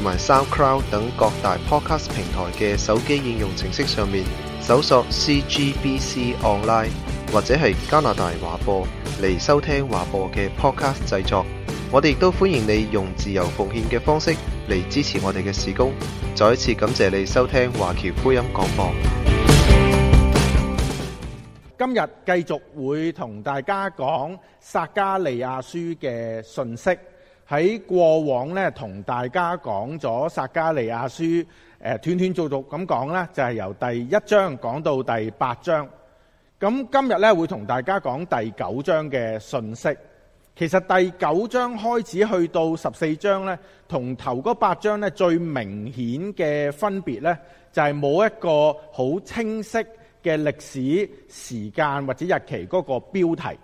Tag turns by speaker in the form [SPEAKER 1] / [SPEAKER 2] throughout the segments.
[SPEAKER 1] 同埋 SoundCloud 等各大 Podcast 平台嘅手機應用程式上面搜索 CGBC Online 或者係加拿大華播嚟收聽華播嘅 Podcast 製作，我哋亦都歡迎你用自由奉獻嘅方式嚟支持我哋嘅事工。再一次感謝你收聽華僑福音廣播。今日繼續會同大家講撒迦利亞書嘅信息。喺過往咧，同大家講咗撒迦利亞書，誒、呃、斷斷續續咁講啦，就係、是、由第一章講到第八章。咁今日呢，會同大家講第九章嘅信息。其實第九章開始去到十四章呢，同頭嗰八章呢，最明顯嘅分別呢，就係、是、冇一個好清晰嘅歷史時間或者日期嗰個標題。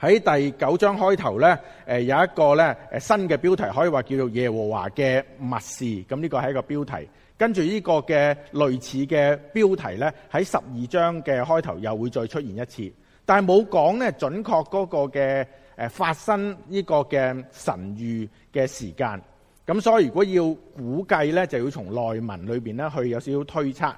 [SPEAKER 1] 喺第九章開頭呢，有一個呢新嘅標題，可以話叫做耶和華嘅密事，咁呢個係一個標題。跟住呢個嘅類似嘅標題呢，喺十二章嘅開頭又會再出現一次，但係冇講呢準確嗰個嘅發生呢個嘅神諭嘅時間。咁所以如果要估計呢，就要從內文裏面呢去有少少推測。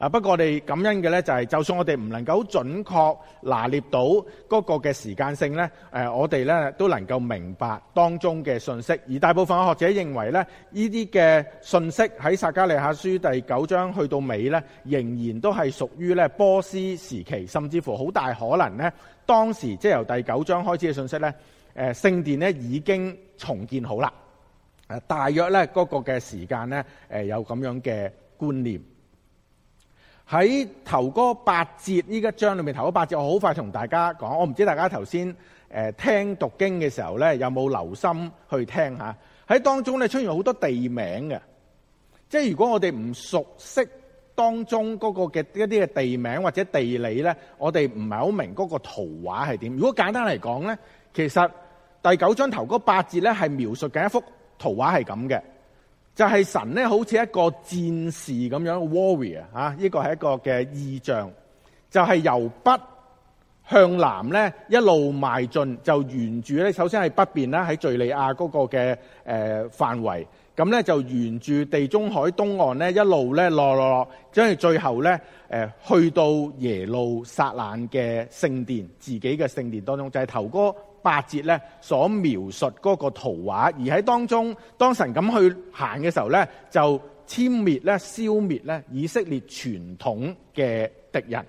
[SPEAKER 1] 啊！不過我哋感恩嘅呢，就係就算我哋唔能夠好準確拿捏到嗰個嘅時間性呢，我哋呢都能夠明白當中嘅信息。而大部分學者認為呢，呢啲嘅信息喺撒迦利亞書第九章去到尾呢，仍然都係屬於呢波斯時期，甚至乎好大可能呢，當時即係由第九章開始嘅信息呢，聖殿呢已經重建好啦。大約呢，嗰個嘅時間呢，有咁樣嘅觀念。喺頭嗰八節，呢一章裏面頭嗰八節我，我好快同大家講。我唔知大家頭先誒聽讀經嘅時候咧，有冇留心去聽下？喺當中咧出現好多地名嘅，即係如果我哋唔熟悉當中嗰個嘅一啲嘅地名或者地理咧，我哋唔係好明嗰個圖畫係點。如果簡單嚟講咧，其實第九章頭嗰八節咧係描述緊一幅圖畫係咁嘅。就係神咧，好似一個戰士咁樣，warrior 嚇，依、啊這個係一個嘅意象。就係、是、由北向南咧，一路邁進，就沿住咧，首先係北邊啦，喺敍利亞嗰個嘅誒範圍，咁、呃、咧就沿住地中海東岸咧，一路咧落落落，將嚟最後咧、呃、去到耶路撒冷嘅聖殿，自己嘅聖殿當中就係頭哥。八節咧，所描述嗰個圖畫，而喺當中，當神咁去行嘅時候咧，就殲滅咧、消滅咧以色列傳統嘅敵人。誒、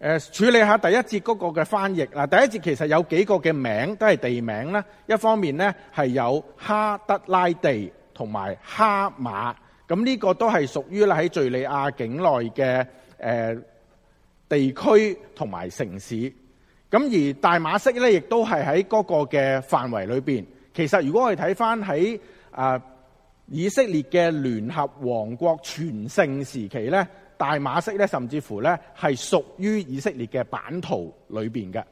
[SPEAKER 1] 呃，處理下第一節嗰個嘅翻譯嗱，第一節其實有幾個嘅名都係地名啦，一方面呢係有哈德拉地同埋哈馬，咁呢個都係屬於咧喺敘利亞境內嘅誒、呃、地區同埋城市。咁而大馬色咧，亦都係喺嗰個嘅範圍裏邊。其實如果我哋睇翻喺誒以色列嘅聯合王國全盛時期咧，大馬色咧，甚至乎咧係屬於以色列嘅版圖裏邊嘅。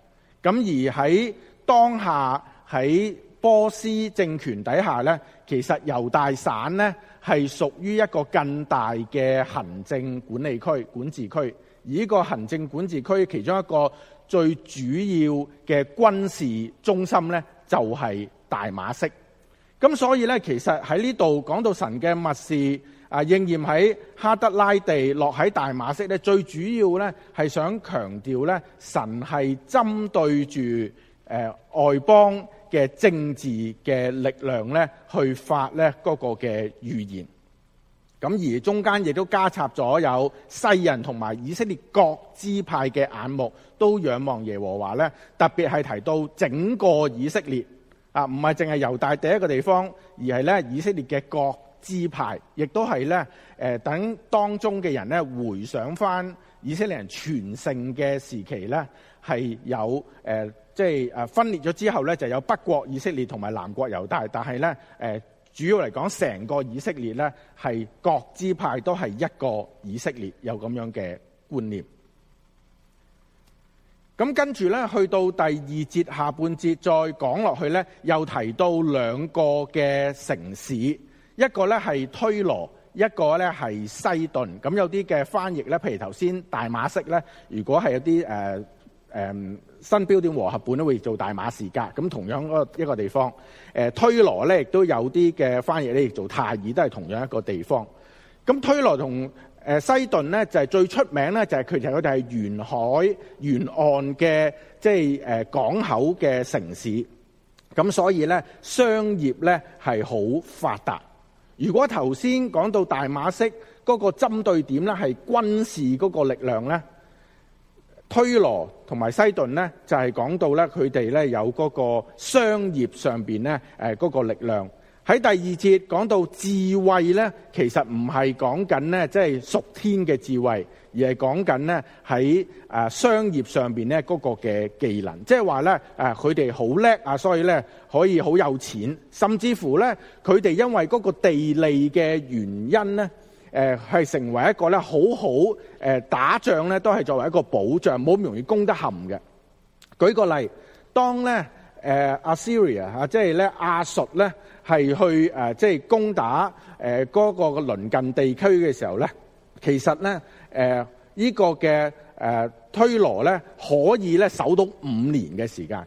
[SPEAKER 1] 咁而喺當下喺波斯政權底下咧，其實猶大省咧係屬於一個更大嘅行政管理區、管治區，而呢個行政管治區其中一個。最主要嘅軍事中心咧就係、是、大馬色，咁所以咧其實喺呢度講到神嘅密事啊，應驗喺哈德拉地落喺大馬色咧，最主要咧係想強調咧神係針對住誒、呃、外邦嘅政治嘅力量咧去發咧、嗰個嘅預言。咁而中間亦都加插咗有世人同埋以色列各支派嘅眼目都仰望耶和華咧，特別係提到整個以色列啊，唔係淨係猶大第一個地方，而係咧以色列嘅各支派，亦都係咧等當中嘅人咧回想返以色列人全盛嘅時期咧，係有即係、就是、分裂咗之後咧，就有北國以色列同埋南國猶大，但係咧主要嚟講，成個以色列呢係各支派都係一個以色列，有咁樣嘅觀念。咁跟住呢，去到第二節下半節再講落去呢，又提到兩個嘅城市，一個呢係推羅，一個呢係西頓。咁有啲嘅翻譯呢，譬如頭先大馬色呢，如果係有啲誒誒新標點和合本都會做大馬士革，咁同樣嗰一個地方，誒推羅咧亦都有啲嘅翻譯咧亦做泰爾，都係同樣一個地方。咁、呃、推羅同誒、呃、西頓咧就係、是、最出名咧，就係佢哋佢哋係沿海沿岸嘅，即係誒港口嘅城市。咁所以咧商業咧係好發達。如果頭先講到大馬式嗰個針對點咧係軍事嗰個力量咧，推羅同埋西頓呢，就係講到呢，佢哋呢有嗰個商業上面呢，誒嗰個力量。喺第二節講到智慧呢，其實唔係講緊呢，即係屬天嘅智慧，而係講緊呢喺商業上面呢，嗰個嘅技能。即係話呢，誒佢哋好叻啊，所以呢可以好有錢，甚至乎呢，佢哋因為嗰個地利嘅原因呢。誒係、呃、成為一個咧好好誒、呃、打仗咧都係作為一個保障，冇咁容易攻得陷嘅。舉個例，當咧誒 Assyria 嚇，呃、Assyria，即係咧亞述咧係去誒即、呃係、攻打誒嗰、呃嗰個嘅鄰近地區嘅時候咧，其實咧誒呢個嘅誒、呃、推羅咧可以咧守到五年嘅時間。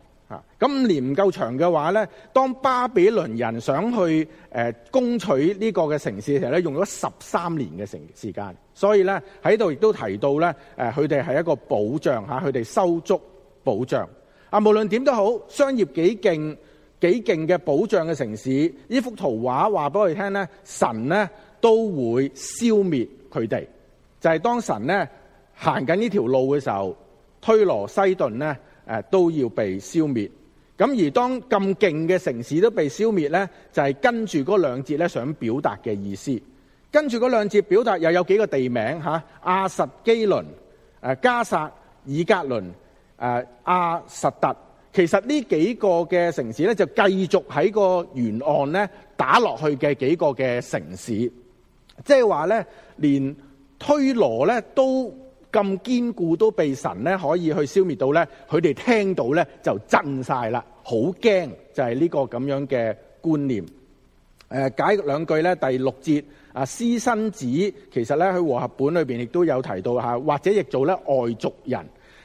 [SPEAKER 1] 咁五年唔夠長嘅話呢，當巴比倫人想去誒攻取呢個嘅城市嘅時候咧，用咗十三年嘅城時間。所以呢，喺度亦都提到呢，佢哋係一個保障吓，佢哋收足保障。啊，無論點都好，商業幾勁幾勁嘅保障嘅城市，呢幅圖畫話俾我哋聽呢，神呢都會消滅佢哋。就係、是、當神呢行緊呢條路嘅時候，推羅西頓呢。誒都要被消滅，咁而當咁勁嘅城市都被消滅呢，就係、是、跟住嗰兩節想表達嘅意思。跟住嗰兩節表達又有幾個地名嚇，亞、啊、實基倫、加薩、以格倫、誒、啊、亞實特，其實呢幾個嘅城市呢，就繼續喺個沿岸呢打落去嘅幾個嘅城市，即係話呢，連推羅呢都。咁堅固都被神咧可以去消滅到呢，佢哋聽到呢，就震晒啦，好驚就係、是、呢個咁樣嘅觀念。呃、解解兩句呢，第六節啊，私生子其實呢，喺和合本裏面亦都有提到、啊、或者亦做呢「外族人」。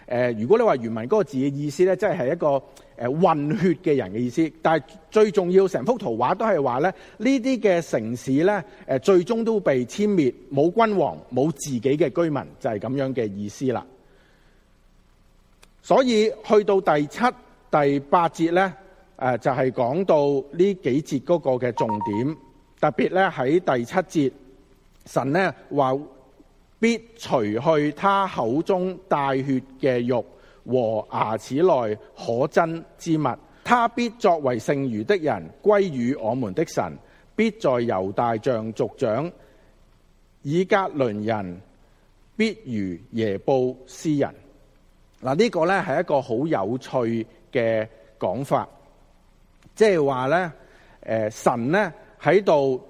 [SPEAKER 1] 呃、如果你話原文嗰個字嘅意思呢，真係係一個混血嘅人嘅意思，但係最重要成幅圖畫都係話呢，呢啲嘅城市呢，誒最終都被殲滅，冇君王，冇自己嘅居民，就係咁樣嘅意思啦。所以去到第七、第八節呢，誒就係講到呢幾節嗰個嘅重點，特別呢，喺第七節，神呢話必除去他口中帶血嘅肉。和牙齒內可憎之物，他必作為剩餘的人歸於我們的神，必在猶大像族長以革倫人，必如耶布斯人。嗱，呢個呢係一個好有趣嘅講法，即係話呢神呢喺度，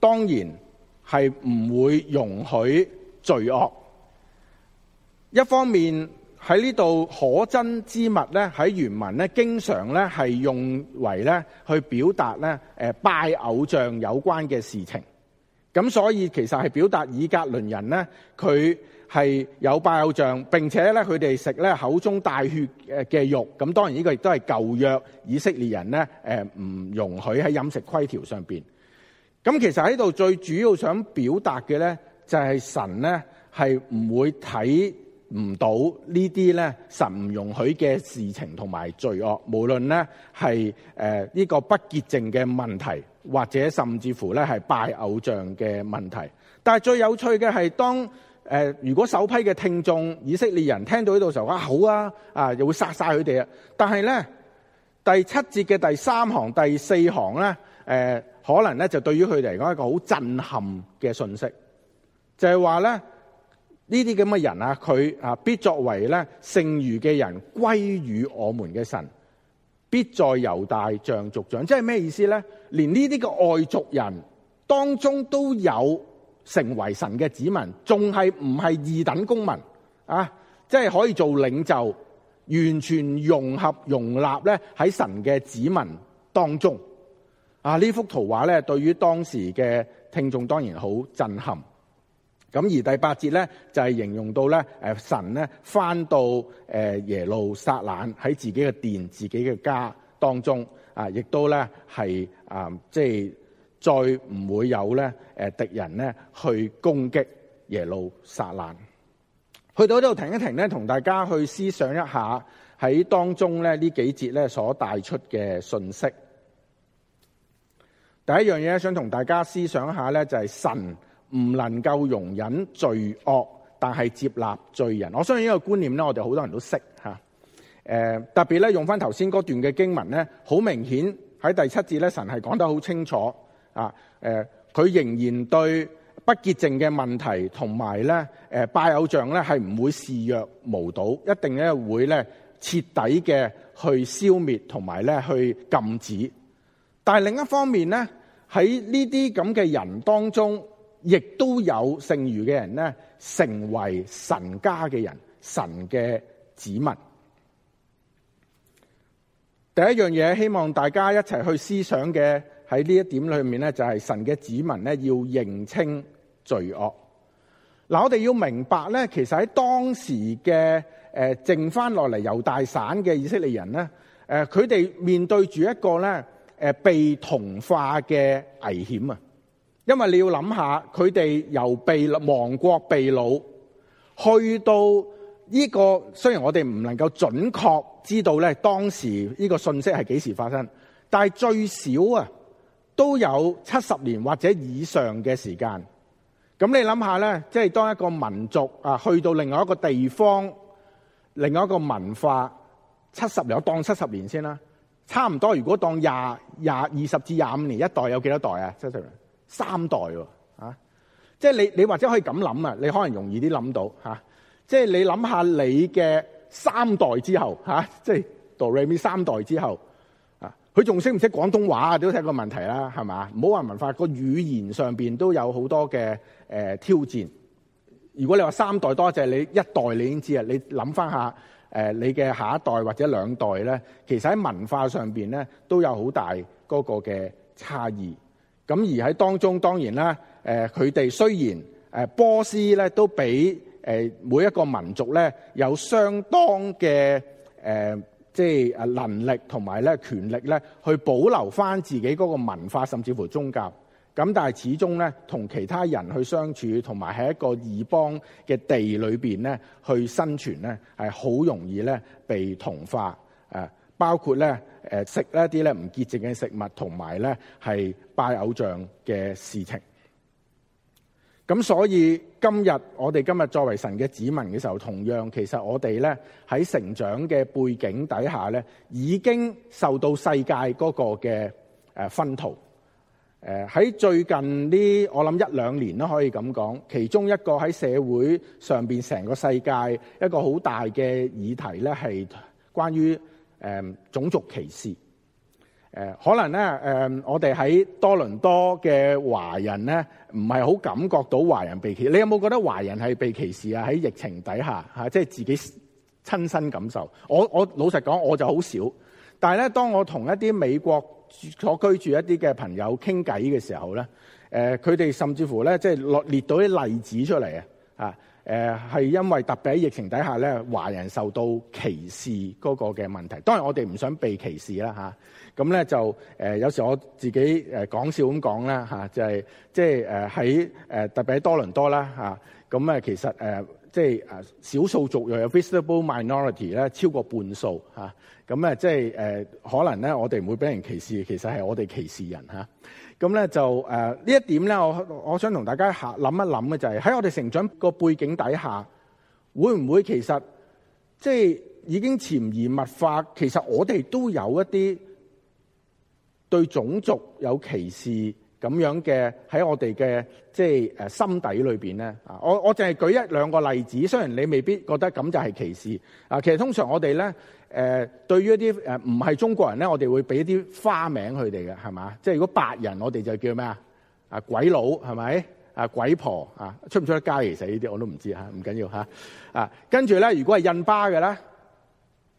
[SPEAKER 1] 當然係唔會容許罪惡，一方面。喺呢度可憎之物咧，喺原文咧，經常咧係用為咧去表達咧誒拜偶像有關嘅事情。咁所以其實係表達以革倫人咧，佢係有拜偶像，並且咧佢哋食咧口中帶血誒嘅肉。咁當然呢個亦都係舊約以色列人咧誒唔容許喺飲食規條上邊。咁其實喺度最主要想表達嘅咧，就係、是、神咧係唔會睇。唔到呢啲咧，神唔容許嘅事情同埋罪惡，無論咧係呢、呃呢個不潔淨嘅問題，或者甚至乎咧係拜偶像嘅問題。但係最有趣嘅係，當誒、呃、如果首批嘅聽眾以色列人聽到呢度時候，啊好啊，啊又會殺晒佢哋啊！但係咧第七節嘅第三行、第四行咧，誒、呃、可能咧就對於佢哋嚟講係一個好震撼嘅信息，就係話咧。呢啲咁嘅人啊，佢啊必作為咧，剩餘嘅人歸於我們嘅神，必在猶大像族長，即係咩意思咧？連呢啲嘅外族人當中都有成為神嘅子民，仲係唔係二等公民啊？即係可以做領袖，完全融合容納咧喺神嘅子民當中。啊，呢幅圖畫咧，對於當時嘅聽眾當然好震撼。咁而第八節咧，就係形容到咧，誒，神咧返到誒耶路撒冷喺自己嘅殿、自己嘅家當中，啊，亦都咧係啊，即係再唔會有咧，誒，敵人咧去攻擊耶路撒冷。去到呢度停一停咧，同大家去思想一下喺當中咧呢幾節咧所帶出嘅信息。第一樣嘢想同大家思想一下咧，就係神。唔能夠容忍罪惡，但係接納罪人。我相信呢個觀念咧，我哋好多人都識嚇。誒、啊、特別咧，用翻頭先嗰段嘅經文咧，好明顯喺第七節咧，神係講得好清楚啊。誒、啊、佢仍然對不潔淨嘅問題同埋咧誒拜偶像咧係唔會視若無睹，一定咧會咧徹底嘅去消滅同埋咧去禁止。但係另一方面咧，喺呢啲咁嘅人當中，亦都有剩餘嘅人咧，成為神家嘅人，神嘅子民。第一樣嘢，希望大家一齊去思想嘅喺呢一點裏面咧，就係、是、神嘅子民咧，要認清罪惡。嗱，我哋要明白咧，其實喺當時嘅誒，剩翻落嚟猶大省嘅以色列人咧，誒，佢哋面對住一個咧，誒，被同化嘅危險啊！因為你要諗下，佢哋由被亡國被擄去到呢個，雖然我哋唔能夠準確知道咧，當時呢個信息係幾時發生，但係最少啊都有七十年或者以上嘅時間。咁你諗下咧，即係當一個民族啊去到另外一個地方、另外一個文化，七十年我當七十年先啦，差唔多。如果當廿廿二十至廿五年一代，有幾多代啊？七十年。三代喎，啊、即係你你或者可以咁諗啊，你可能容易啲諗到，啊、即係你諗下你嘅三代之後嚇、啊，即係哆瑞咪三代之後啊，佢仲識唔識廣東話都睇個個問題啦，係咪？唔好話文化，個語言上面都有好多嘅，呃、挑戰。如果你話三代多謝，即係，你一代，你已經知啦。你諗翻下，呃、你嘅下一代或者兩代咧，其實喺文化上面咧都有好大嗰個嘅差異。咁而喺當中當然啦，佢哋雖然波斯咧都俾每一個民族咧有相當嘅即係能力同埋咧權力咧，去保留返自己嗰個文化甚至乎宗教。咁但係始終咧，同其他人去相處同埋喺一個異邦嘅地裏面咧，去生存咧係好容易咧被同化。包括咧。誒食一啲咧唔潔淨嘅食物，同埋咧係拜偶像嘅事情。咁所以今日我哋今日作為神嘅子民嘅時候，同樣其實我哋咧喺成長嘅背景底下咧，已經受到世界嗰個嘅誒薰陶。誒喺最近呢，我諗一兩年都可以咁講，其中一個喺社會上面，成個世界一個好大嘅議題咧，係關於，誒、嗯、種族歧視，誒、呃、可能咧，誒、呃、我哋喺多倫多嘅華人咧，唔係好感覺到華人被歧視。你有冇覺得華人係被歧視啊？喺疫情底下、啊、即係自己親身感受。我我老實講，我就好少。但係咧，當我同一啲美國所居住一啲嘅朋友傾偈嘅時候咧，誒佢哋甚至乎咧，即係落列到啲例子出嚟啊！誒係、呃、因為特別喺疫情底下咧，華人受到歧視嗰個嘅問題。當然我哋唔想被歧視啦嚇。咁、啊、咧就誒、呃、有時我自己誒講、呃、笑咁講啦就係即係誒喺特別喺多倫多啦咁啊，啊其實誒即係少數族裔嘅 visible minority 咧超過半數嚇。咁啊，啊即係、呃、可能咧我哋唔會俾人歧視，其實係我哋歧視人、啊咁咧就誒呢、呃、一點咧，我我想同大家吓諗一諗嘅就係喺我哋成長個背景底下，會唔會其實即係、就是、已經潛移默化，其實我哋都有一啲對種族有歧視。咁樣嘅喺我哋嘅即係誒心底裏面咧啊！我我淨係舉一兩個例子，雖然你未必覺得咁就係歧視啊。其實通常我哋咧誒對於一啲誒唔係中國人咧，我哋會俾啲花名佢哋嘅係嘛？即係如果白人，我哋就叫咩啊？啊鬼佬係咪啊？鬼婆啊？出唔出得街？其實呢啲我都唔知嚇，唔緊要嚇啊！跟住咧，如果係印巴嘅咧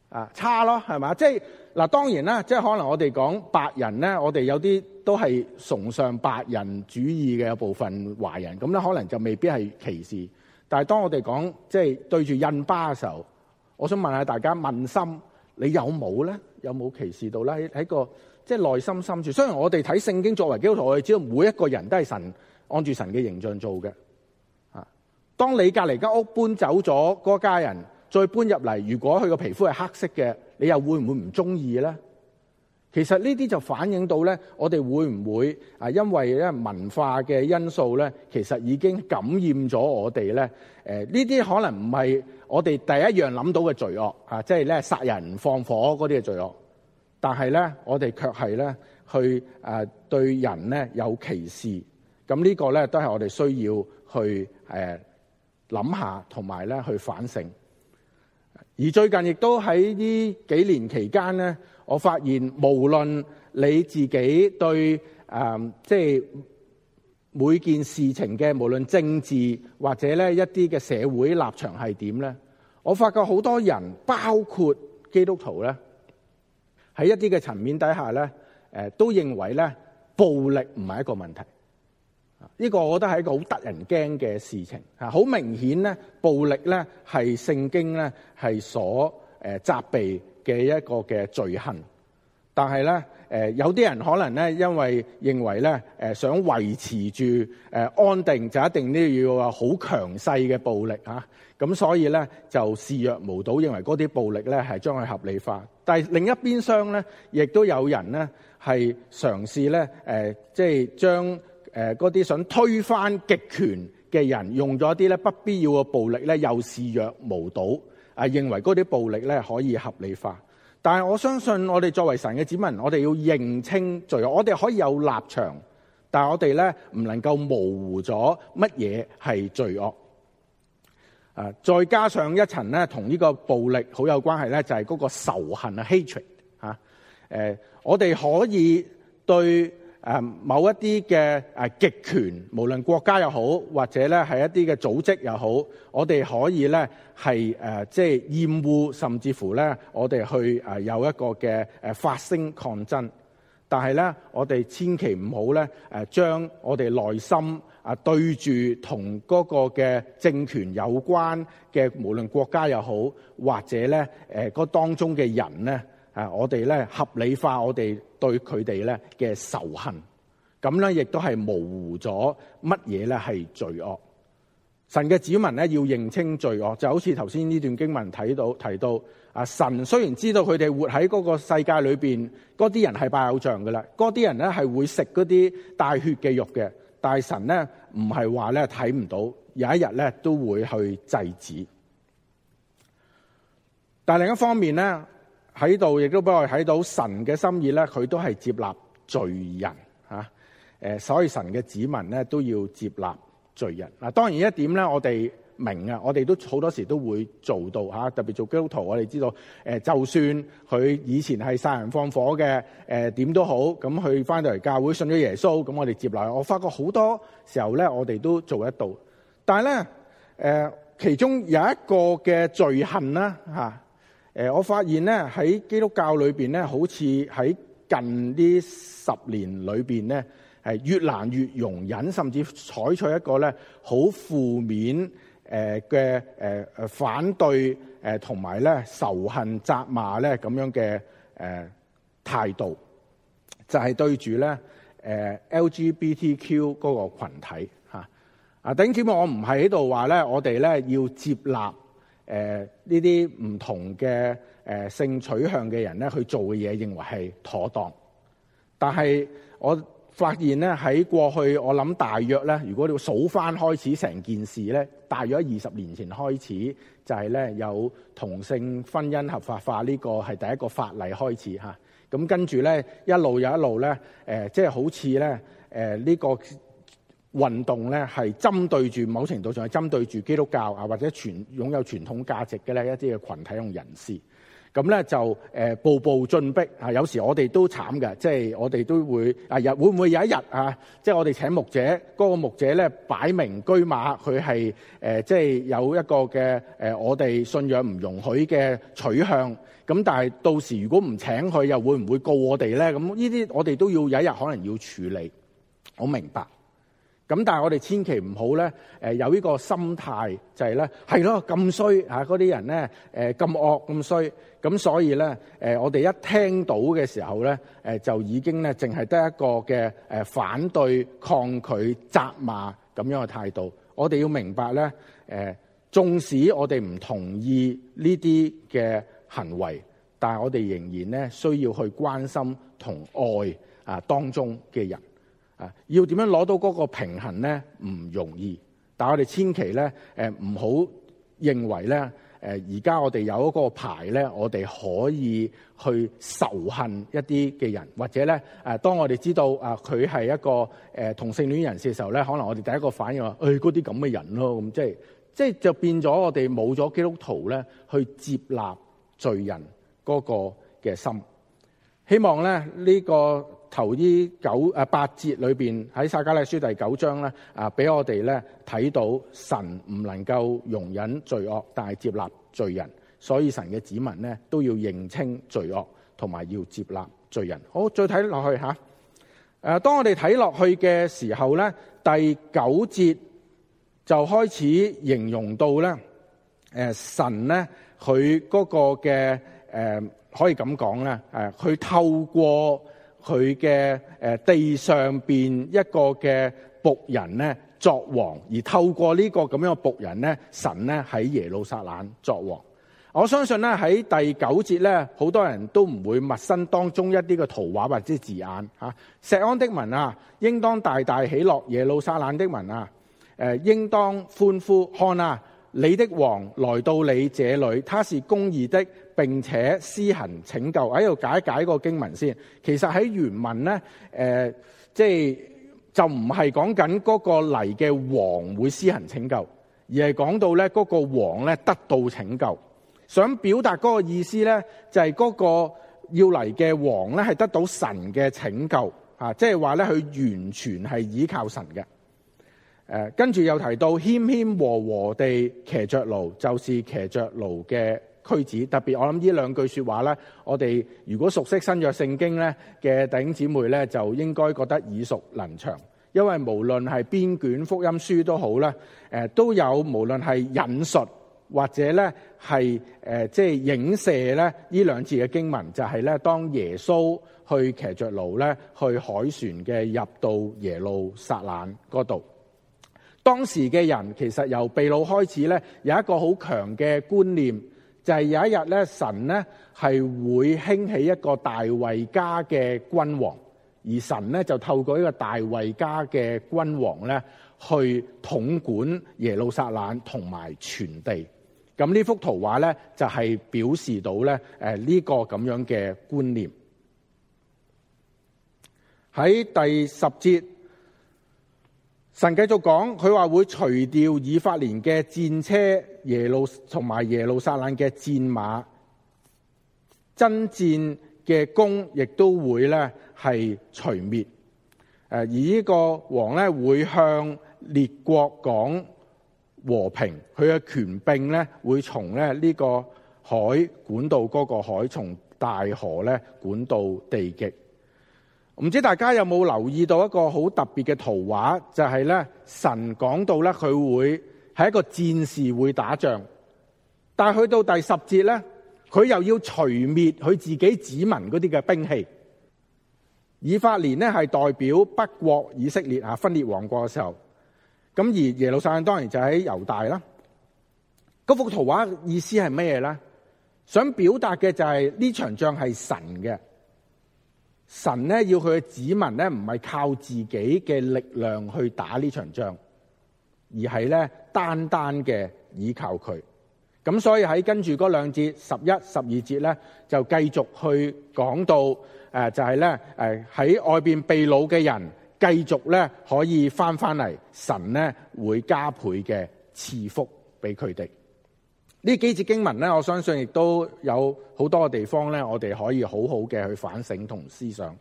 [SPEAKER 1] 啊差咯係嘛？即係。嗱當然啦，即係可能我哋講白人咧，我哋有啲都係崇尚白人主義嘅部分華人，咁咧可能就未必係歧視。但係當我哋講即係對住印巴嘅時候，我想問下大家問心，你有冇咧？有冇歧視到咧？喺喺個即係、就是、內心深處。雖然我哋睇聖經作為基督徒，我哋知道每一個人都係神按住神嘅形象做嘅。啊，當你隔離間屋搬走咗嗰家人，再搬入嚟，如果佢個皮膚係黑色嘅。你又會唔會唔中意咧？其實呢啲就反映到咧，我哋會唔會啊？因為咧文化嘅因素咧，其實已經感染咗我哋咧。誒呢啲可能唔係我哋第一樣諗到嘅罪惡啊，即係咧殺人放火嗰啲嘅罪惡，但係咧我哋卻係咧去誒對人咧有歧視。咁呢個咧都係我哋需要去誒諗下，同埋咧去反省。而最近亦都喺呢幾年期間，咧，我發現無論你自己對誒即係每件事情嘅無論政治或者咧一啲嘅社會立場係點咧，我發覺好多人包括基督徒咧，喺一啲嘅層面底下咧，誒都認為咧暴力唔係一個問題。呢個我覺得係一個好得人驚嘅事情嚇，好明顯咧，暴力咧係聖經咧係所誒、呃、責備嘅一個嘅罪行。但係咧誒，有啲人可能咧因為認為咧誒、呃、想維持住誒、呃、安定，就一定都要有好強勢嘅暴力嚇，咁、啊、所以咧就視若無睹，認為嗰啲暴力咧係將佢合理化。但係另一邊廂咧，亦都有人咧係嘗試咧誒，即係將。誒嗰啲想推翻極權嘅人，用咗啲咧不必要嘅暴力咧，又視若無睹，啊，認為嗰啲暴力咧可以合理化。但係我相信我哋作為神嘅子民，我哋要認清罪惡，我哋可以有立場，但係我哋咧唔能夠模糊咗乜嘢係罪惡。啊，再加上一層咧，同呢個暴力好有關係咧，就係、是、嗰個仇恨啊，hatred 嚇。誒，我哋可以對。誒某一啲嘅誒極權，無論國家又好，或者咧係一啲嘅組織又好，我哋可以咧係誒，即係厭惡，甚至乎咧我哋去誒有一個嘅誒發聲抗爭。但係咧，我哋千祈唔好咧誒將我哋內心啊對住同嗰個嘅政權有關嘅，無論國家又好，或者咧誒嗰當中嘅人咧啊，我哋咧合理化我哋，對佢哋咧嘅仇恨，咁咧亦都係模糊咗乜嘢咧係罪惡。神嘅子民咧要認清罪惡，就好似頭先呢段經文睇到提到啊。神雖然知道佢哋活喺嗰個世界裏邊嗰啲人係拜偶像噶啦，嗰啲人咧係會食嗰啲帶血嘅肉嘅，但神咧唔係話咧睇唔到，有一日咧都會去制止。但係另一方面咧。喺度亦都俾我睇到神嘅心意咧，佢都係接納罪人、啊、所以神嘅子民咧都要接納罪人。啊，當然一點咧，我哋明啊，我哋都好多時都會做到、啊、特別做基督徒，我哋知道、啊、就算佢以前係殺人放火嘅，誒、啊、點都好，咁佢翻到嚟教會信咗耶穌，咁我哋接納。我發覺好多時候咧，我哋都做得到，但係咧、啊、其中有一個嘅罪恨啦誒，我發現咧喺基督教裏面咧，好似喺近啲十年裏面咧，係越難越容忍，甚至採取一個咧好負面嘅反對同埋咧仇恨責罵咧咁樣嘅誒態度，就係對住咧 LGBTQ 嗰個群體啊，頂住我唔係喺度話咧，我哋咧要接納。誒呢啲唔同嘅誒、呃、性取向嘅人咧去做嘅嘢，認為係妥當。但係我發現咧，喺過去我諗大約咧，如果你要數翻開始成件事咧，大約二十年前開始就係、是、咧有同性婚姻合法化呢、這個係第一個法例開始嚇。咁、啊、跟住咧一路又一路咧，誒即係好似咧誒呢、呃、這個。運動咧係針對住，某程度上係針對住基督教啊，或者傳擁有傳統價值嘅咧一啲嘅群體同人士，咁咧就誒步步進逼啊！有時我哋都慘㗎，即係我哋都會啊，有會唔會有一日啊，即係我哋請牧者嗰個牧者咧擺明車馬，佢係誒即係有一個嘅誒我哋信仰唔容許嘅取向，咁但係到時如果唔請佢，又會唔會告我哋咧？咁呢啲我哋都要有一日可能要處理。我明白。咁但係我哋千祈唔好咧，有呢個心態就係咧，係咯，咁衰嗰啲人咧咁惡咁衰，咁所以咧我哋一聽到嘅時候咧，就已經咧淨係得一個嘅反對抗拒責罵咁樣嘅態度。我哋要明白咧，誒縱使我哋唔同意呢啲嘅行為，但係我哋仍然咧需要去關心同愛啊當中嘅人。啊，要點樣攞到嗰個平衡咧？唔容易，但係我哋千祈咧，誒、呃、唔好認為咧，誒而家我哋有一個牌咧，我哋可以去仇恨一啲嘅人，或者咧，誒、呃、當我哋知道啊佢係一個誒、呃、同性戀人士嘅時候咧，可能我哋第一個反應話、就是：，誒嗰啲咁嘅人咯、啊，咁即係即係就變咗我哋冇咗基督徒咧去接納罪人嗰個嘅心。希望咧呢、呢個。頭呢九啊八節裏邊喺撒迦利書第九章咧啊，俾我哋咧睇到神唔能夠容忍罪惡，但係接納罪人，所以神嘅子民咧都要認清罪惡，同埋要接納罪人。好，再睇落去嚇。誒、啊，當我哋睇落去嘅時候咧，第九節就開始形容到咧誒、呃、神咧佢嗰個嘅誒、呃、可以咁講咧誒，佢、啊、透過。佢嘅誒地上邊一個嘅僕人咧作王，而透過呢個咁樣嘅僕人咧，神咧喺耶路撒冷作王。我相信咧喺第九節咧，好多人都唔會陌生當中一啲嘅圖畫或者字眼嚇。錫安的民啊，應當大大喜樂；耶路撒冷的民啊，誒應當歡呼。看啊，你的王來到你這裏，他是公義的。並且施行拯救，我喺度解，解一解個經文先。其實喺原文咧，誒、呃，即係就唔係講緊嗰個嚟嘅王會施行拯救，而係講到咧嗰、那個王咧得到拯救。想表達嗰個意思咧，就係、是、嗰個要嚟嘅王咧係得到神嘅拯救，啊、即係話咧佢完全係倚靠神嘅。誒、啊，跟住又提到謙謙和和地騎着驢，就是騎着驢嘅。區子特別，我諗呢兩句説話呢，我哋如果熟悉新約聖經呢嘅弟兄姊妹呢，就應該覺得耳熟能詳。因為無論係邊卷福音書都好呢，誒都有無論係引述或者呢係誒即係影射咧呢兩字嘅經文，就係呢：「當耶穌去騎着驢呢去海船嘅入到耶路撒冷嗰度，當時嘅人其實由被擄開始呢，有一個好強嘅觀念。就係有一日咧，神咧係會興起一個大衞家嘅君王，而神咧就透過一個大衞家嘅君王咧去統管耶路撒冷同埋全地。咁呢幅圖畫咧就係表示到咧誒呢個咁樣嘅觀念。喺第十節。神繼續講，佢話會除掉以法蓮嘅戰車、耶路同埋耶路撒冷嘅戰馬，爭戰嘅弓亦都會咧係除滅。誒而呢個王咧會向列國講和平，佢嘅權柄咧會從咧呢個海管到嗰個海，從大河咧管到地極。唔知大家有冇留意到一個好特別嘅圖畫，就係、是、咧神講到咧佢會係一個戰士會打仗，但係去到第十節咧，佢又要除滅佢自己子民嗰啲嘅兵器。以法蓮呢係代表北國以色列分裂王國嘅時候，咁而耶路撒冷當然就喺猶大啦。嗰幅圖畫意思係咩嘢咧？想表達嘅就係呢場仗係神嘅。神咧要佢嘅子民咧，唔係靠自己嘅力量去打呢場仗，而係咧單單嘅依靠佢。咁所以喺跟住嗰兩節十一、十二節咧，就繼續去講到誒，就係咧誒喺外邊被擄嘅人繼續咧可以翻翻嚟，神咧會加倍嘅賜福俾佢哋。呢幾節經文咧，我相信亦都有好多個地方咧，我哋可以好好嘅去反省同思想。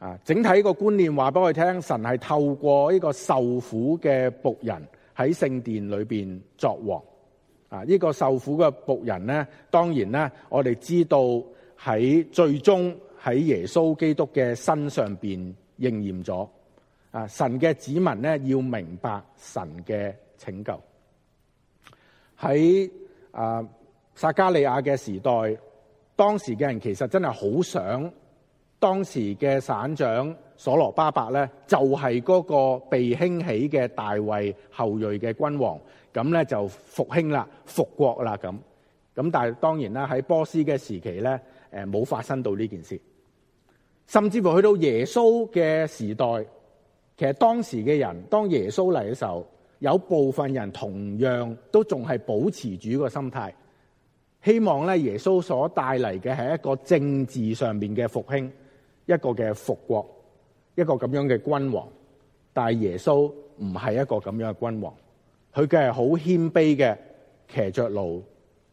[SPEAKER 1] 啊，整體個觀念話俾我聽，神係透過呢個受苦嘅僕人喺聖殿裏面作王。啊，呢個受苦嘅僕人咧，當然咧，我哋知道喺最終喺耶穌基督嘅身上面應驗咗。啊，神嘅子民咧要明白神嘅拯救喺。啊，撒迦利亞嘅時代，當時嘅人其實真係好想，當時嘅省長所羅巴伯咧，就係、是、嗰個被興起嘅大衛後裔嘅君王，咁咧就復興啦、復國啦咁。咁但係當然啦，喺波斯嘅時期咧，誒冇發生到呢件事。甚至乎去到耶穌嘅時代，其實當時嘅人當耶穌嚟嘅時候。有部分人同樣都仲係保持住個心態，希望咧耶穌所帶嚟嘅係一個政治上面嘅復興，一個嘅復國，一個咁樣嘅君王。但係耶穌唔係一個咁樣嘅君王，佢嘅係好謙卑嘅，騎着驢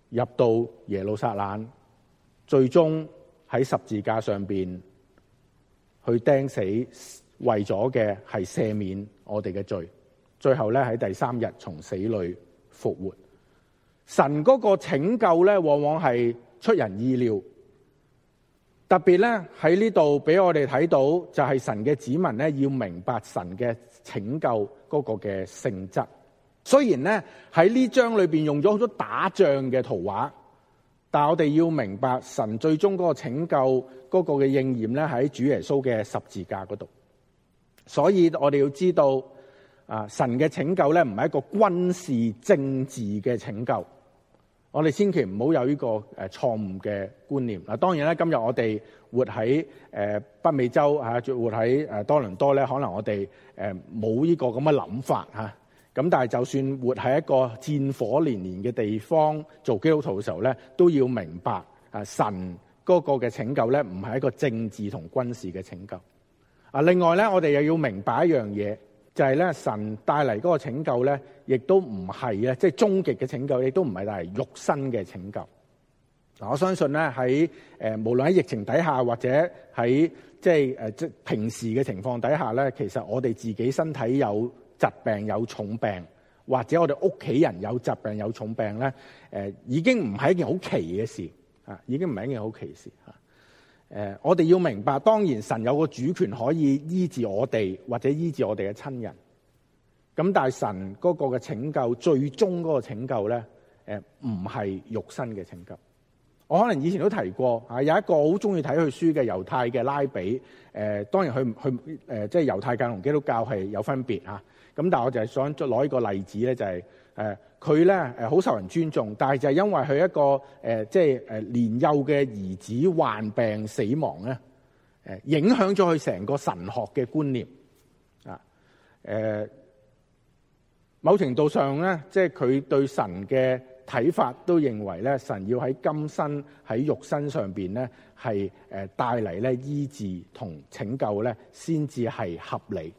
[SPEAKER 1] 入到耶路撒冷，最終喺十字架上面去釘死，為咗嘅係赦免我哋嘅罪。最後咧喺第三日從死裏復活，神嗰個拯救咧往往係出人意料，特別咧喺呢度俾我哋睇到就係、是、神嘅子民咧要明白神嘅拯救嗰個嘅性質。雖然咧喺呢章裏邊用咗好多打仗嘅圖畫，但係我哋要明白神最終嗰個拯救嗰個嘅應驗咧喺主耶穌嘅十字架嗰度。所以我哋要知道。啊！神嘅拯救咧，唔係一個軍事政治嘅拯救，我哋千祈唔好有呢個誒錯誤嘅觀念。嗱，當然啦，今日我哋活喺誒北美洲吓，活喺誒多倫多咧，可能我哋誒冇呢個咁嘅諗法吓。咁但係就算活喺一個戰火連連嘅地方做基督徒嘅時候咧，都要明白啊，神嗰個嘅拯救咧，唔係一個政治同軍事嘅拯救。啊，另外咧，我哋又要明白一樣嘢。就係咧，神帶嚟嗰個拯救咧，亦都唔係咧，即係終極嘅拯救不是，亦都唔係帶嚟肉身嘅拯救。嗱，我相信咧喺誒，無論喺疫情底下或者喺即係誒即平時嘅情況底下咧，其實我哋自己身體有疾病有重病，或者我哋屋企人有疾病有重病咧，誒已經唔係一件好奇嘅事啊，已經唔係一件好奇事嚇誒、呃，我哋要明白，當然神有個主權可以醫治我哋或者醫治我哋嘅親人。咁但係神嗰個嘅拯救，最終嗰個拯救咧，誒唔係肉身嘅拯救。我可能以前都提過啊，有一個好中意睇佢書嘅猶太嘅拉比，誒、呃，當然佢佢誒，即係猶太教同基督教係有分別吓。咁、啊、但係我就係想再攞一個例子咧，就係、是、誒。呃佢咧誒好受人尊重，但係就係因為佢一個誒即係誒年幼嘅兒子患病死亡咧，誒影響咗佢成個神學嘅觀念啊誒、呃、某程度上咧，即係佢對神嘅睇法都認為咧，神要喺今生喺肉身上邊咧係誒帶嚟咧醫治同拯救咧，先至係合理。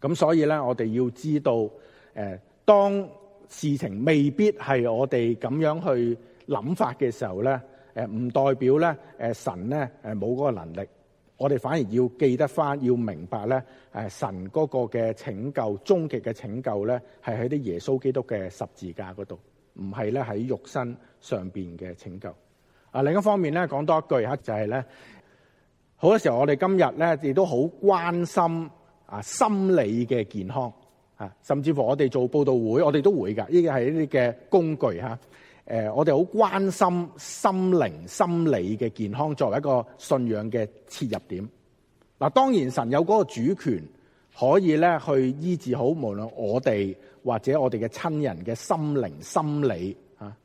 [SPEAKER 1] 咁所以咧，我哋要知道誒、呃、當事情未必係我哋咁樣去諗法嘅時候咧，誒唔代表咧，誒神咧，誒冇嗰個能力，我哋反而要記得翻，要明白咧，誒神嗰個嘅拯救，終極嘅拯救咧，係喺啲耶穌基督嘅十字架嗰度，唔係咧喺肉身上邊嘅拯救。啊，另一方面咧，講多一句吓就係、是、咧，好多時候我哋今日咧亦都好關心啊心理嘅健康。甚至乎我哋做佈道會，我哋都會噶，呢個係一啲嘅工具吓。誒，我哋好關心心靈、心理嘅健康，作為一個信仰嘅切入點。嗱，當然神有嗰個主權，可以咧去醫治好無論我哋或者我哋嘅親人嘅心靈、心理吓。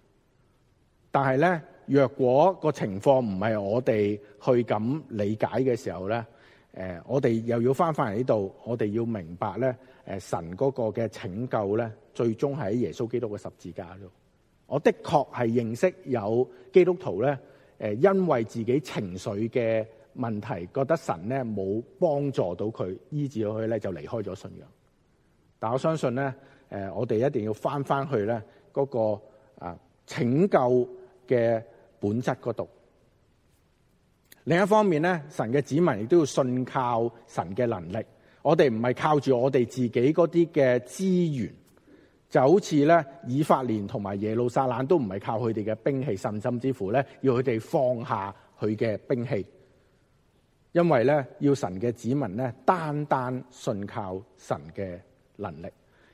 [SPEAKER 1] 但係咧，若果個情況唔係我哋去咁理解嘅時候咧，誒，我哋又要翻翻嚟呢度，我哋要明白咧。誒，神嗰個嘅拯救咧，最終喺耶穌基督嘅十字架度。我的確係認識有基督徒咧，誒，因為自己情緒嘅問題，覺得神咧冇幫助到佢，醫治到佢咧，就離開咗信仰。但我相信咧，誒，我哋一定要翻翻去咧嗰個啊拯救嘅本質嗰度。另一方面咧，神嘅子民亦都要信靠神嘅能力。我哋唔係靠住我哋自己嗰啲嘅資源，就好似咧以法蓮同埋耶路撒冷都唔係靠佢哋嘅兵器，甚甚至乎咧要佢哋放下佢嘅兵器，因為咧要神嘅子民咧單單信靠神嘅能力。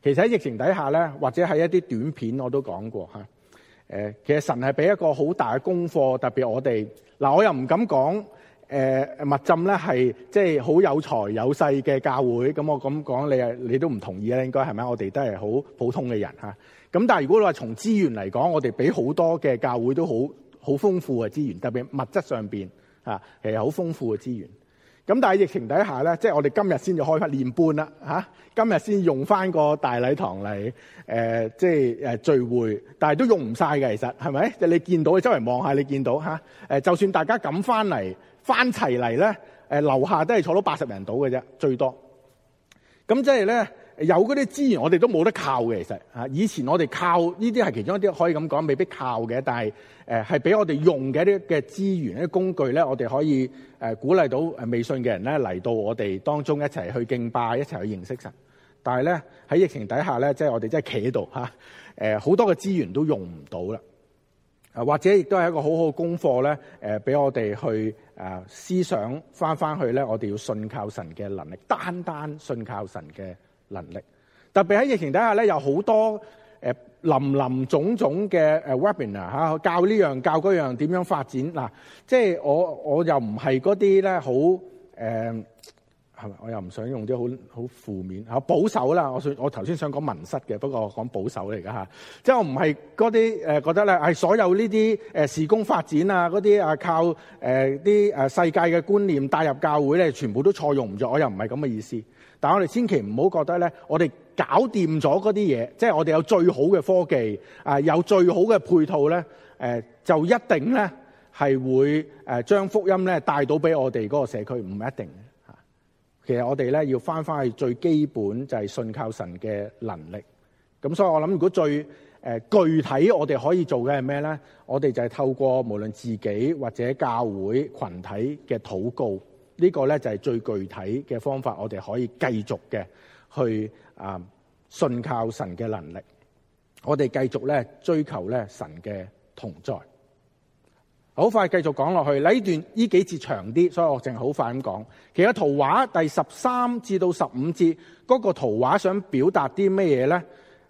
[SPEAKER 1] 其實喺疫情底下咧，或者喺一啲短片我都講過嚇，誒，其實神係俾一個好大嘅功課，特別我哋嗱，我又唔敢講。誒麥、呃、浸咧係即係好有財有勢嘅教會，咁我咁講你你都唔同意咧，應該係咪？我哋都係好普通嘅人吓咁、啊、但係如果你話從資源嚟講，我哋俾好多嘅教會都好好豐富嘅資源，特別物質上面，吓、啊、其實好豐富嘅資源。咁但係疫情底下咧，即係我哋今日先至開翻年半啦吓，今日先用翻個大禮堂嚟誒、呃，即係聚會，但係都用唔晒嘅，其實係咪？你見到，你周圍望下，你見到、啊、就算大家敢翻嚟。翻齊嚟咧，誒樓下都係坐到八十人度嘅啫，最多。咁即係咧，有嗰啲資源我哋都冇得靠嘅，其實嚇。以前我哋靠呢啲係其中一啲可以咁講，未必靠嘅。但係誒係俾我哋用嘅一啲嘅資源、啲工具咧，我哋可以鼓勵到誒未信嘅人咧嚟到我哋當中一齊去敬拜、一齊去認識神。但係咧喺疫情底下咧，即係我哋真係企喺度嚇，誒好多嘅資源都用唔到啦。啊，或者亦都係一個好好功課咧，誒，俾我哋去啊思想翻翻去咧，我哋要信靠神嘅能力，單單信靠神嘅能力。特別喺疫情底下咧，有好多誒林林種種嘅 webinar 吓，教呢樣教嗰樣點樣發展嗱、啊，即係我我又唔係嗰啲咧，好、呃、誒。我又唔想用啲好好負面保守啦。我想我頭先想講文室嘅，不過講保守嚟噶，即係我唔係嗰啲覺得咧係所有呢啲誒事工發展啊嗰啲啊靠誒啲誒世界嘅觀念帶入教會咧，全部都錯用唔著。我又唔係咁嘅意思。但係我哋千祈唔好覺得咧，我哋搞掂咗嗰啲嘢，即係我哋有最好嘅科技啊、呃，有最好嘅配套咧，誒、呃、就一定咧係會誒將福音咧帶到俾我哋嗰個社區，唔一定。其實我哋咧要返返去最基本就係信靠神嘅能力，咁所以我諗，如果最誒具體我哋可以做嘅係咩咧？我哋就係透過無論自己或者教會群體嘅禱告，呢個咧就係最具體嘅方法，我哋可以繼續嘅去啊信靠神嘅能力，我哋繼續咧追求咧神嘅同在。好快繼續講落去。呢段呢幾節長啲，所以我淨好快咁講。其實圖畫第十三至到十五節嗰個圖畫想表達啲咩嘢呢？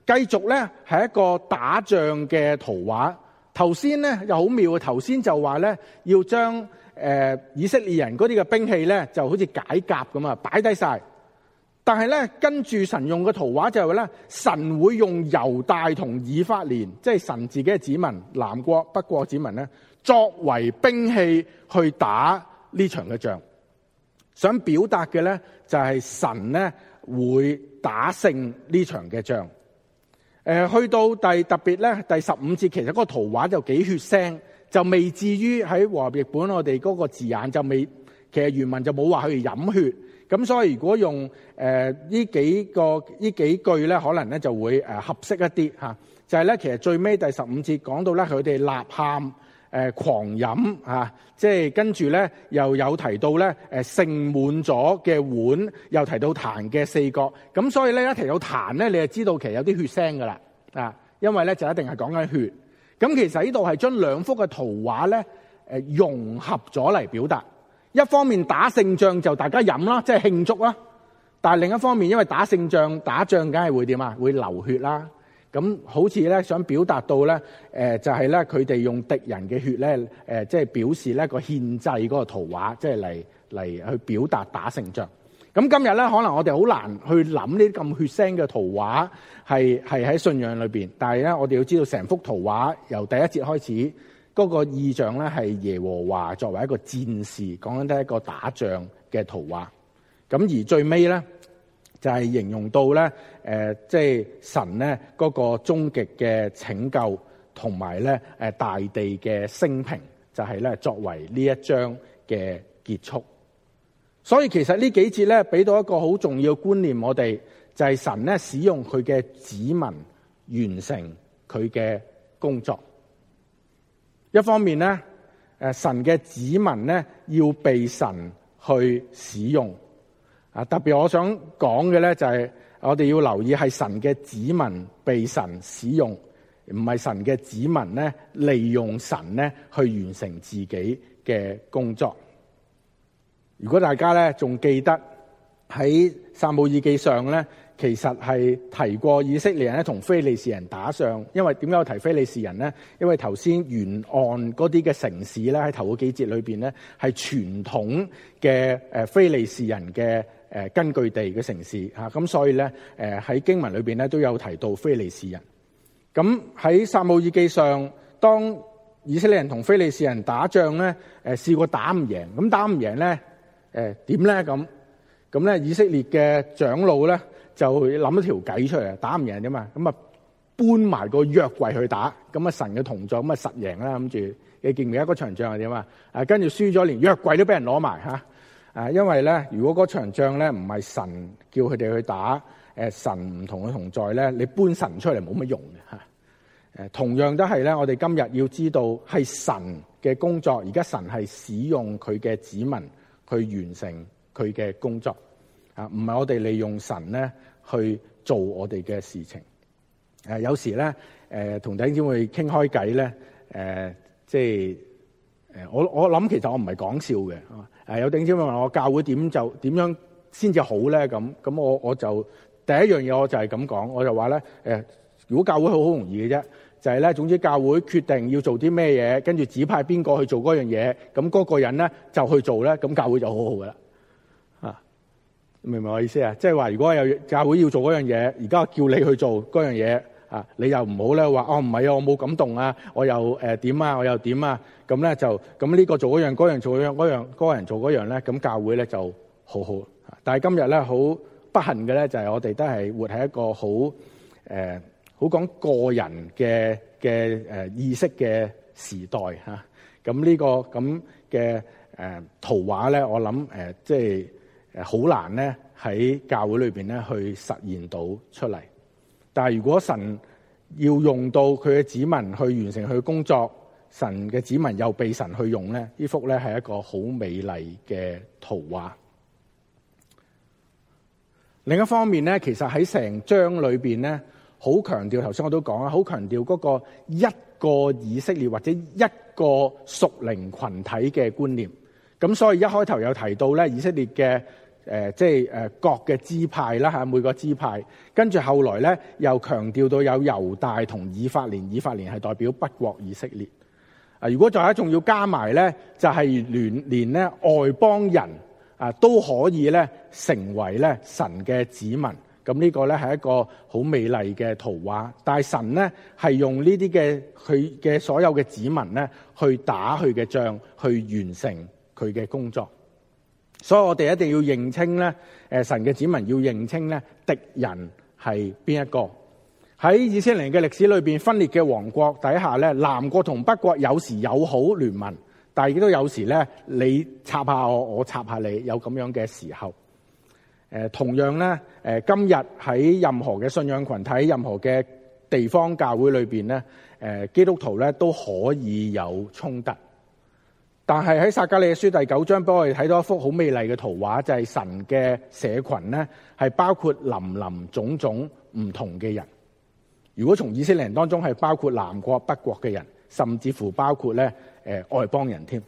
[SPEAKER 1] 繼續呢，係一個打仗嘅圖畫。頭先呢，又好妙嘅。頭先就話呢，要將誒以色列人嗰啲嘅兵器呢，就好似解甲咁啊，擺低晒。但係呢，跟住神用嘅圖畫就係話呢，神會用猶大同以法蓮，即係神自己嘅子民，南國北國子民呢。作為兵器去打呢場嘅仗，想表達嘅咧就係神咧會打勝呢場嘅仗。誒、呃，去到第特別咧第十五節，其實個圖畫就幾血腥，就未至於喺和合譯本我哋嗰個字眼就未，其實原文就冇話佢哋飲血咁，所以如果用誒呢、呃、幾個呢幾句咧，可能咧就會誒合適一啲吓、啊，就係、是、咧其實最尾第十五節講到咧佢哋吶喊。誒、呃、狂飲啊！即係跟住咧又有提到咧誒、呃、盛滿咗嘅碗，又提到壇嘅四角。咁所以咧一提到壇咧，你就知道其實有啲血腥噶啦啊！因為咧就一定係講緊血。咁其實呢度係將兩幅嘅圖畫咧、呃、融合咗嚟表達。一方面打勝仗就大家飲啦，即、就、係、是、慶祝啦。但係另一方面，因為打勝仗打仗，梗係會點啊？會流血啦。咁好似咧，想表達到咧，誒、呃、就係、是、咧，佢哋用敵人嘅血咧，誒即係表示咧個獻祭嗰個圖畫，即係嚟嚟去表達打勝仗。咁今日咧，可能我哋好難去諗呢啲咁血腥嘅圖畫，係係喺信仰裏面，但係咧，我哋要知道成幅圖畫由第一節開始嗰、那個意象咧，係耶和華作為一個戰士，講緊都係一個打仗嘅圖畫。咁而最尾咧。就係形容到咧，誒、呃，即、就、係、是、神咧嗰、那個終極嘅拯救，同埋咧誒大地嘅升平，就係、是、咧作為呢一章嘅結束。所以其實呢幾節咧，俾到一個好重要的觀念我們，我哋就係、是、神咧使用佢嘅子民完成佢嘅工作。一方面咧，誒、呃、神嘅子民咧要被神去使用。啊！特別我想講嘅咧，就係我哋要留意係神嘅子民被神使用，唔係神嘅子民咧利用神咧去完成自己嘅工作。如果大家咧仲記得喺撒母耳記上咧，其實係提過以色列人咧同非利士人打仗，因為點解我提非利士人咧？因為頭先沿岸嗰啲嘅城市咧喺頭嗰幾節裏邊咧係傳統嘅誒非利士人嘅。誒根據地嘅城市，咁所以咧誒喺經文裏面咧都有提到非利斯人。咁喺撒母耳記上，當以色列人同非利士人打仗咧，誒試過打唔贏，咁打唔贏咧，誒點咧咁？咁咧以色列嘅長老咧就諗咗條計出嚟，打唔贏啫嘛？咁啊搬埋個約櫃去打，咁啊神嘅同在，咁啊實贏啦。諗住你見唔見？而家嗰場仗係點啊？啊跟住輸咗，連約櫃都俾人攞埋。啊，因為咧，如果嗰場仗咧唔係神叫佢哋去打，誒，神唔同佢同在咧，你搬神出嚟冇乜用嘅吓。誒，同樣都係咧，我哋今日要知道係神嘅工作，而家神係使用佢嘅子民去完成佢嘅工作，啊，唔係我哋利用神咧去做我哋嘅事情。誒，有時咧，誒、呃，同弟兄姐妹會傾開偈咧，誒、呃，即係，誒，我我諗其實我唔係講笑嘅誒有頂尖問我教會點就點樣先至好咧？咁咁我我就第一樣嘢我就係咁講，我就話咧誒，如果教會好好容易嘅啫，就係、是、咧總之教會決定要做啲咩嘢，跟住指派邊個去做嗰樣嘢，咁嗰個人咧就去做咧，咁教會就好好嘅啦。嚇、啊，明唔明我意思啊？即係話如果有教會要做嗰樣嘢，而家叫你去做嗰樣嘢。啊！你又唔好咧，話哦唔係啊，我冇感動啊，我又誒點、呃、啊，我又點啊，咁咧就咁呢個做嗰樣，嗰樣做嗰樣，嗰樣嗰個人做嗰樣咧，咁教會咧就好好。但係今日咧，好不幸嘅咧，就係我哋都係活喺一個好好、呃、講個人嘅嘅、呃、意識嘅時代嚇。咁、啊、呢個咁嘅誒圖畫咧，我諗誒即係誒好難咧喺教會裏面咧去實現到出嚟。但係如果神要用到佢嘅指紋去完成佢嘅工作，神嘅指紋又被神去用咧，呢幅咧係一個好美麗嘅圖畫。另一方面咧，其實喺成章裏邊咧，好強調，頭先我都講啦，好強調嗰個一個以色列或者一個屬靈群體嘅觀念。咁所以一開頭有提到咧，以色列嘅。誒、呃，即係誒、呃、各嘅支派啦，嚇、啊、每個支派。跟住後來咧，又強調到有猶大同以法蓮，以法蓮係代表北國以色列。啊，如果再一仲要加埋咧，就係、是、連連咧外邦人、啊、都可以咧成為咧神嘅子民。咁呢個咧係一個好美麗嘅圖畫。但係神咧係用呢啲嘅佢嘅所有嘅子民咧去打佢嘅仗，去完成佢嘅工作。所以我哋一定要認清咧，誒神嘅子民要認清咧，敵人係邊一個？喺二千年嘅歷史裏面，分裂嘅王國底下咧，南國同北國有時友好聯盟，但係亦都有時咧，你插下我，我插下你，有咁樣嘅時候。誒，同樣咧，誒今日喺任何嘅信仰群體、任何嘅地方教會裏面，咧，誒基督徒咧都可以有衝突。但係喺撒迦利亞書第九章，幫我哋睇到一幅好美麗嘅圖畫，就係神嘅社群咧，係包括林林種種唔同嘅人。如果從以色列人當中係包括南國北國嘅人，甚至乎包括咧，誒外邦人添。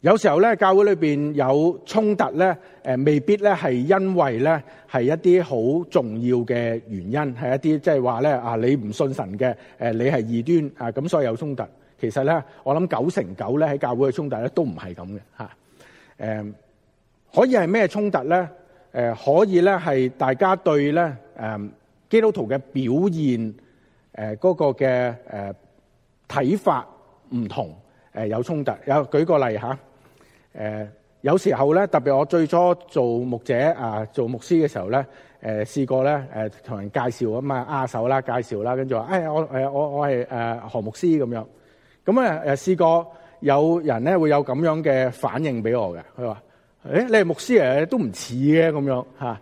[SPEAKER 1] 有時候咧，教會裏面有衝突咧，誒未必咧係因為咧係一啲好重要嘅原因，係一啲即係話咧啊，你唔信神嘅，誒你係異端啊咁，所以有衝突。其實咧，我諗九成九咧喺教會嘅衝突咧都唔係咁嘅嚇。誒、嗯、可以係咩衝突咧？誒、呃、可以咧係大家對咧誒、呃、基督徒嘅表現誒嗰、呃那個嘅誒睇法唔同誒、呃、有衝突。有舉個例嚇，誒、呃、有時候咧，特別我最初做牧者啊、呃，做牧師嘅時候咧，誒、呃、試過咧誒同人介紹吖嘛，握手啦，介紹啦，跟住話誒我誒我我係誒、呃、何牧師咁樣。咁啊誒試過有人咧會有咁樣嘅反應俾我嘅，佢話：誒你係牧師嚟都唔似嘅咁樣嚇。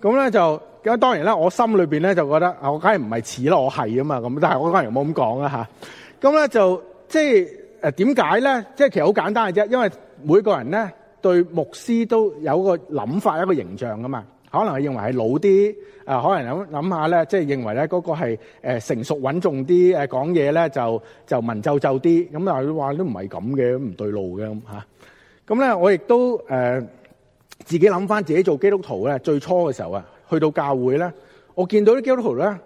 [SPEAKER 1] 咁咧就咁當然啦，我心裏面咧就覺得啊，我梗係唔係似啦，我係啊嘛咁。但係我當然冇咁講啦嚇。咁咧就即係誒點解咧？即係其實好簡單嘅啫，因為每個人咧對牧師都有個諗法一個形象噶嘛。可能佢認為係老啲，啊可能諗諗下咧，即係認為咧嗰個係成熟穩重啲，誒講嘢咧就就文縐縐啲，咁啊話都唔係咁嘅，唔對路嘅咁吓。咁咧我亦都誒、呃、自己諗翻自己做基督徒咧，最初嘅時候啊，去到教會咧，我見到啲基督徒咧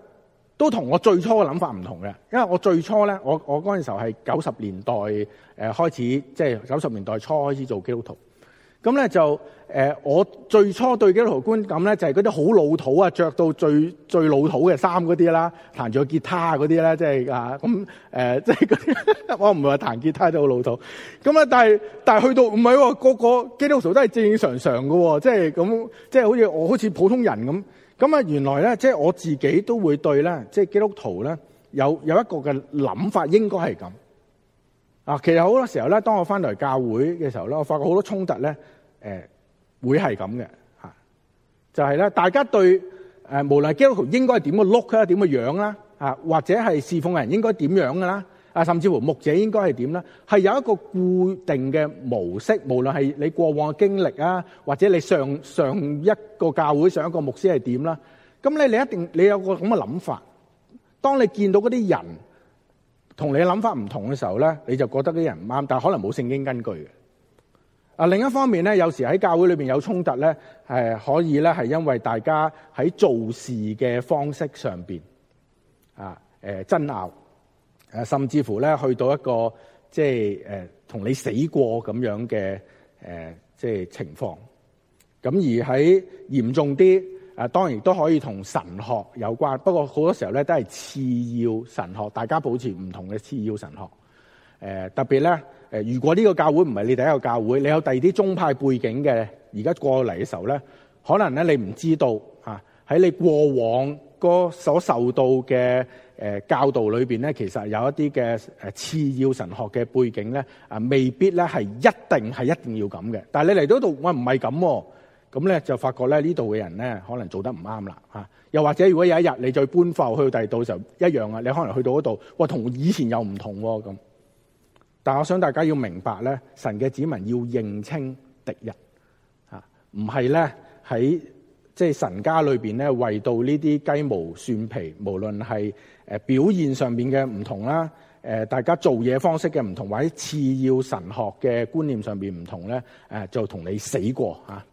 [SPEAKER 1] 都同我最初嘅諗法唔同嘅，因為我最初咧，我我嗰陣時候係九十年代誒開始，即係九十年代初開始做基督徒。咁咧就誒、呃，我最初對基督徒觀感咧，就係嗰啲好老土啊，著到最最老土嘅衫嗰啲啦，彈住個吉他嗰啲啦，即係啊咁誒，即係嗰啲我唔係話彈吉他都好老土。咁咧，但係但係去到唔係喎，個個基督徒都係正常常嘅喎，即係咁，即係好似我好似普通人咁。咁啊，原來咧，即係我自己都會對咧，即係基督徒咧有有一個嘅諗法應該係咁。啊，其實好多時候咧，當我翻嚟教會嘅時候咧，我發覺好多衝突咧，誒會係咁嘅嚇，就係咧大家對誒無論基督徒應該點嘅 look 啦、點嘅樣啦，啊或者係侍奉嘅人應該點樣嘅啦，啊甚至乎牧者應該係點啦，係有一個固定嘅模式，無論係你過往嘅經歷啊，或者你上上一個教會上一個牧師係點啦，咁咧你一定你有個咁嘅諗法，當你見到嗰啲人。你想同你諗法唔同嘅時候咧，你就覺得啲人唔啱，但係可能冇聖經根據嘅。啊，另一方面咧，有時喺教會裏邊有衝突咧，誒，可以咧係因為大家喺做事嘅方式上邊啊，誒，爭拗，誒，甚至乎咧去到一個即係誒，同你死過咁樣嘅誒，即係情況。咁而喺嚴重啲。啊，當然亦都可以同神學有關，不過好多時候咧都係次要神學，大家保持唔同嘅次要神學。誒、呃、特別咧，誒、呃、如果呢個教會唔係你第一個教會，你有第二啲宗派背景嘅，而家過嚟嘅時候咧，可能咧你唔知道嚇喺、啊、你過往個所受到嘅誒、呃、教導裏邊咧，其實有一啲嘅誒次要神學嘅背景咧，啊未必咧係一定係一定要咁嘅。但係你嚟到度，我唔係咁喎。咁咧就發覺咧呢度嘅人咧可能做得唔啱啦嚇。又或者如果有一日你再搬埠去第二度就一樣啊，你可能去到嗰度哇，同以前又唔同咁、啊。但我想大家要明白咧，神嘅子民要認清敵人嚇，唔係咧喺即係神家裏面咧為到呢啲雞毛蒜皮，無論係、呃、表現上面嘅唔同啦、呃，大家做嘢方式嘅唔同，或者次要神學嘅觀念上面唔同咧、啊，就同你死過、啊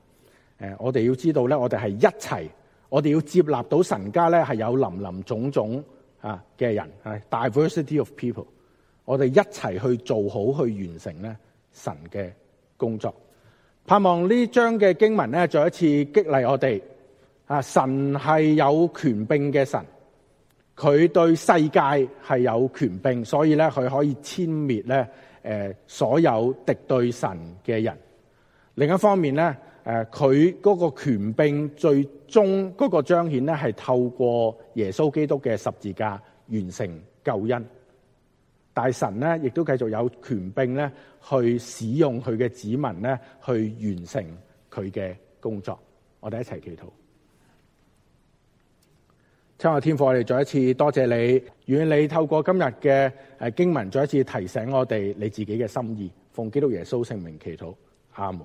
[SPEAKER 1] 誒，我哋要知道咧，我哋係一齊，我哋要接納到神家咧，係有林林種種啊嘅人，係 diversity of people。我哋一齊去做好，去完成咧神嘅工作。盼望呢章嘅經文咧，再一次激勵我哋啊！神係有權柄嘅神，佢對世界係有權柄，所以咧佢可以殲滅咧誒所有敵對神嘅人。另一方面咧，誒，佢嗰、啊、個權柄最終嗰、那個彰顯咧，係透過耶穌基督嘅十字架完成救恩。但神咧，亦都繼續有權柄咧，去使用佢嘅子民咧，去完成佢嘅工作。我哋一齊祈禱。親愛的天父，我哋再一次多謝你，願你透過今日嘅誒經文，再一次提醒我哋你自己嘅心意。奉基督耶穌聖名祈禱，阿門。